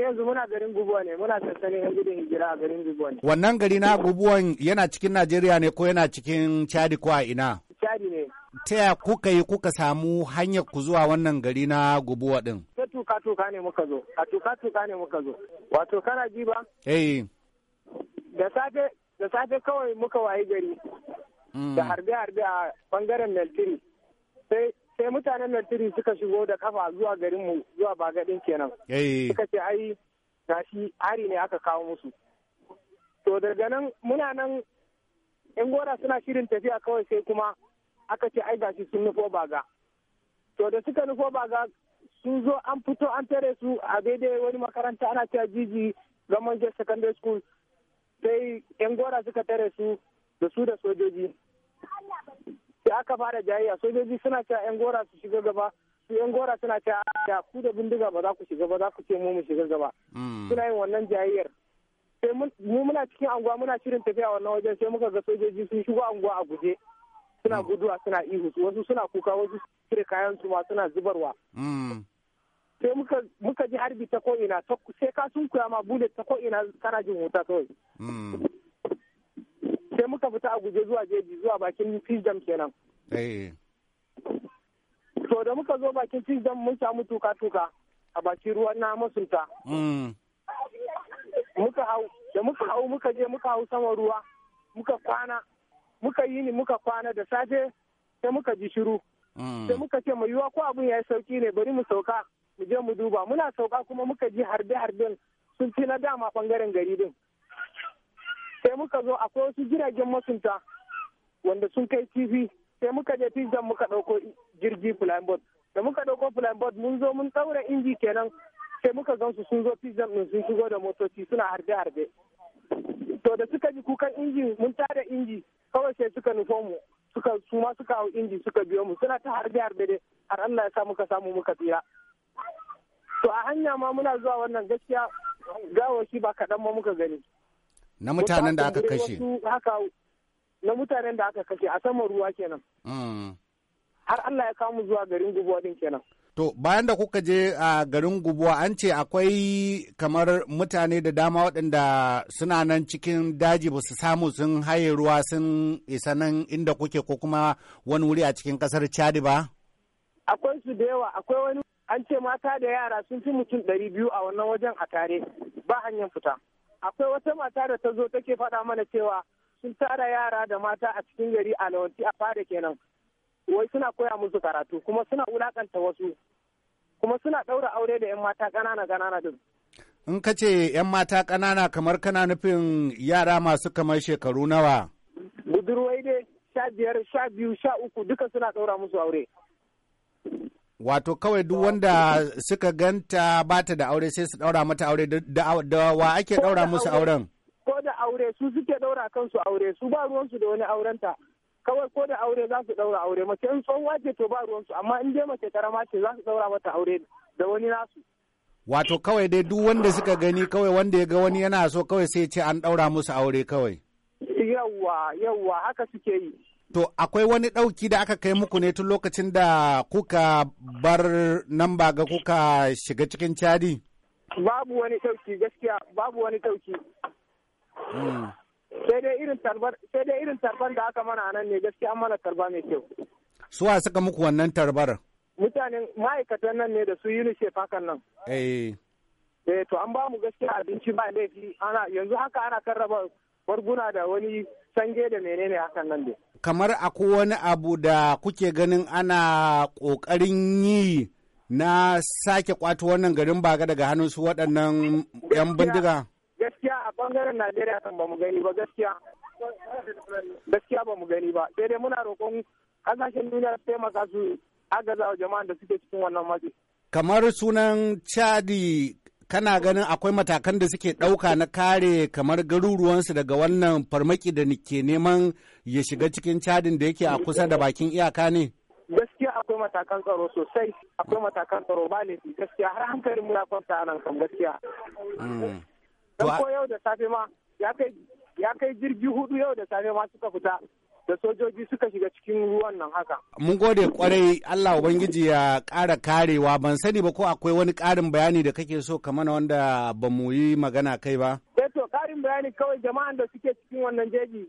yanzu muna garin guguwa ne, muna sansanin yan gudun hijira a garin guguwa ne. Wannan gari na guguwan yana cikin Najeriya ne ko yana cikin Chadi ko a ina? Chadi ne. Ta ya kuka yi kuka samu hanyar ku zuwa wannan gari na guguwa din? Ta tuka-tuka ne muka zo, a tuka-tuka ne muka zo. Wato kana ji ba? Eh. Da safe da safe kawai muka wayi gari. Mm. Da harbe-harbe a bangaren Meltiri. Sai sai mutanen nan suka shigo da kafa zuwa garin mu zuwa bagadin kenan eh. suka ce ai gashi hari ne aka kawo musu to daga nan muna nan yan gora suna shirin tafiya kawai sai kuma aka ce ai gashi sun nufo baga to da suka nufo baga sun zo an fito an tare su a daidai wani makaranta ana cewa jiji gamon secondary school sai yan gora suka tare su da su da sojoji da aka fara jayayya sojoji suna cewa yan gora su shiga gaba su yan gora suna cewa ya ku da bindiga ba za ku shiga ba za ku ce mu mu shiga gaba hmm. suna yin wannan jayayyar sai mu muna cikin anguwa muna shirin tafiya wannan wajen sai muka ga sojoji sun shigo anguwa a guje suna hmm. guduwa suna ihu wasu suna kuka wasu cire kayan su ma suna zubarwa hmm. sai muka ji harbi ta ko'ina sai ka sun kuya ma bullet ta ko'ina kana jin wuta kawai sai muka fita a guje zuwa jeji zuwa bakin fizdam kenan eh. to da muka zo bakin fizdam mun samu tuka-tuka a bakin ruwan na masunta mm. da muka hau muka je muka hau sama ruwa muka kwana muka yi ni muka kwana da safe sai muka ji shiru mm. sai muka ce mai yiwa ko abin ya yi sauki ne bari mu sauka mu je mu duba muna sauka kuma muka ji harbe harben sun fi na dama bangaren gari din sai muka zo akwai wasu jiragen masunta wanda sun kai kifi sai muka je tizan muka ɗauko jirgi flying boat da muka ɗauko flying boat mun zo mun ɗaura inji kenan sai muka gan su sun zo tizan din sun shigo da motoci suna harbe-harbe to da suka ji kukan inji mun tada inji kawai sai suka nufo mu suka su ma suka hau inji suka biyo mu suna ta harbe-harbe dai har Allah ya sa muka samu muka tsira to a hanya ma muna zuwa wannan gaskiya gawo shi ba kaɗan ma muka gani na mutanen da aka kashe na mutanen da aka kashe a saman ruwa kenan mm. har Allah ya kamu zuwa garin gubuwa din kenan To bayan da kuka je a garin Gubuwa an ce akwai kamar mutane da dama waɗanda suna nan cikin daji ba su samu sun haye ruwa sun isa nan inda kuke ko kuma wani wuri a cikin ƙasar Chadi ba? Akwai su da yawa akwai wani an ce mata da yara sun fi mutum ɗari biyu a wannan wajen a tare ba hanyar fita. akwai wata mata da ta zo take faɗa mana cewa sun tara yara da mata a cikin gari a lawanci a fada kenan wai suna koya musu karatu kuma suna wulakanta wasu kuma suna ɗaura aure da 'yan mata ƙanana ƙanana din in ka ce 'yan mata ƙanana kamar kana nufin yara masu kamar shekaru nawa budurwai dai sha biyar sha biyu sha uku duka suna ɗaura musu aure Wato kawai duk wanda suka ganta ba ta da aure sai su daura mata aure da wa ake daura musu auren? Ko da aure su suke daura kansu aure su ba ruwansu da wani aurenta. Kawai ko da aure za su daura aure mace in tsohuwa ce to ba ruwansu amma in dai mace karama ce za su daura mata aure da wani nasu. Wato kawai dai duk wanda suka gani kawai wanda ya ga wani yana so kawai sai ce an daura musu aure kawai. Yawwa yawwa haka suke yi. To akwai wani ɗauki da aka kai muku ne tun lokacin da kuka bar nan ba ga kuka shiga cikin cadi? Babu wani ɗauki gaskiya babu wani ɗauki. Hmm. Sai dai irin tarbar da aka mana nan ne gaskiya mana tarba mai kyau. Suwa suka muku wannan tarbar? Mutanen ma'aikatan nan ne da su nishe fakan nan. Eh. Eh to an ba mu gaskiya abinci ba laifi ana yanzu haka ana kan raba barguna da wani sange da menene hakan nan da. Kamar a wani abu da kuke ganin ana ƙoƙarin yi na sake kwato wannan garin baga daga hannun su waɗannan 'yan bindiga? Gaskiya a bangaren Najeriya kan ba mu gani ba gaskiya. Gaskiya ba mu gani ba. Sai dai muna roƙon ƙasashen duniya su taimaka su agaza wa jama'an da suke cikin wannan matsi. Kamar sunan Chadi kana ganin akwai matakan da suke ɗauka na kare kamar garuruwansu daga wannan farmaki da ke neman ya shiga cikin cadin da yake a kusa da bakin iyaka ne? Gaskiya akwai matakan tsaro sosai, akwai matakan tsaro ba ne gaskiya har hankalin mu ya kwanta nan kan gaskiya. Mm. Dan ko yau da safe ma ya kai jirgi hudu yau da safe ma suka fita da sojoji suka shiga cikin ruwan nan haka. Mun gode kwarai Allah Ubangiji ya ƙara karewa ban sani ba ko akwai wani ƙarin bayani da kake so ka wanda ba mu yi magana kai ba. Eh to ƙarin bayani kawai jama'an da suke cikin wannan jeji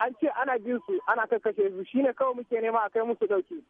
an ce ana bin ana kakkashe su shine kawai muke nema a kai musu dauki